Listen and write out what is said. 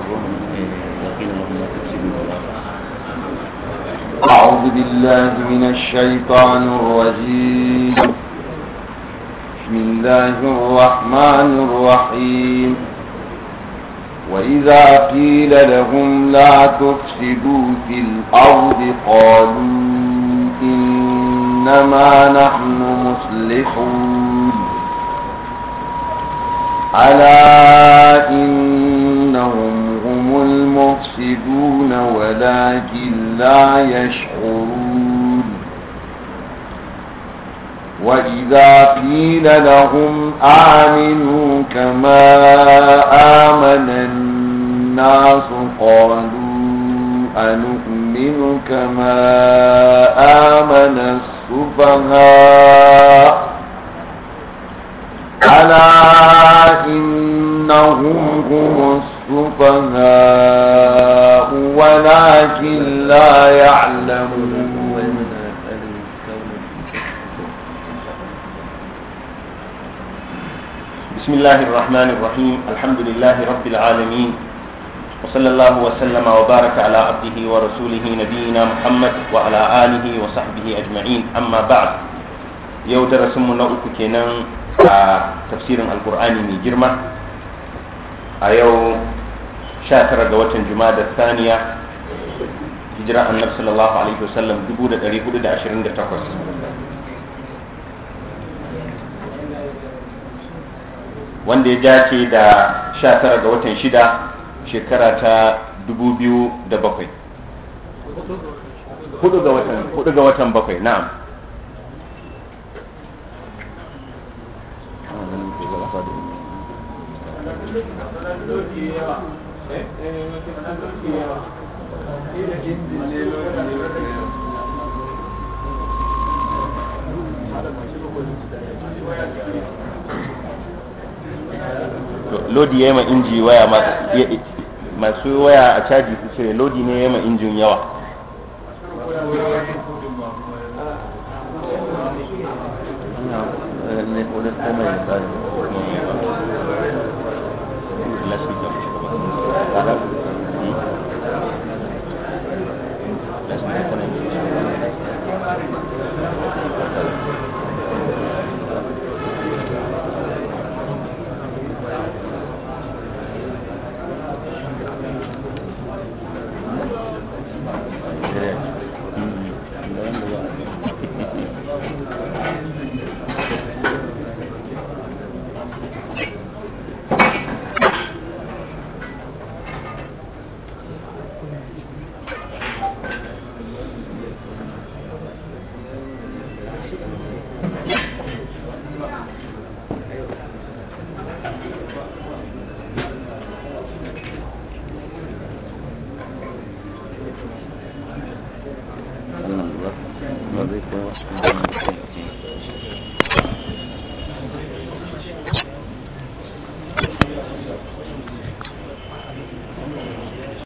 يضرهم لهم ما تكسبون أعوذ بالله من الشيطان الرجيم بسم الله الرحمن الرحيم وإذا قيل لهم لا تفسدوا في الأرض قالوا إنما نحن مصلحون ألا إن ولكن لا يشعرون وإذا قيل لهم آمنوا كما آمن الناس قالوا أنؤمن كما آمن السفهاء هم هم السفهاء ولكن لا يعلمون بسم الله الرحمن الرحيم الحمد لله رب العالمين وصلى الله وسلم وبارك على عبده ورسوله نبينا محمد وعلى آله وصحبه أجمعين أما بعد يودر سمنا أكتنا آه، تفسير القرآن من جرمه a yau sha tara ga watan juma'a da saniya hijira annabi sallallahu alaihi wasallam 1428 wanda ya jace da sha tara ga watan shida shekara ta 2007 hudu ga watan bakwai na'am lodi ya yi ma inji waya masu waya a caji su cire lodi ne ya yi ma injin yawa eh, ne ですね、これ。Fazer que eu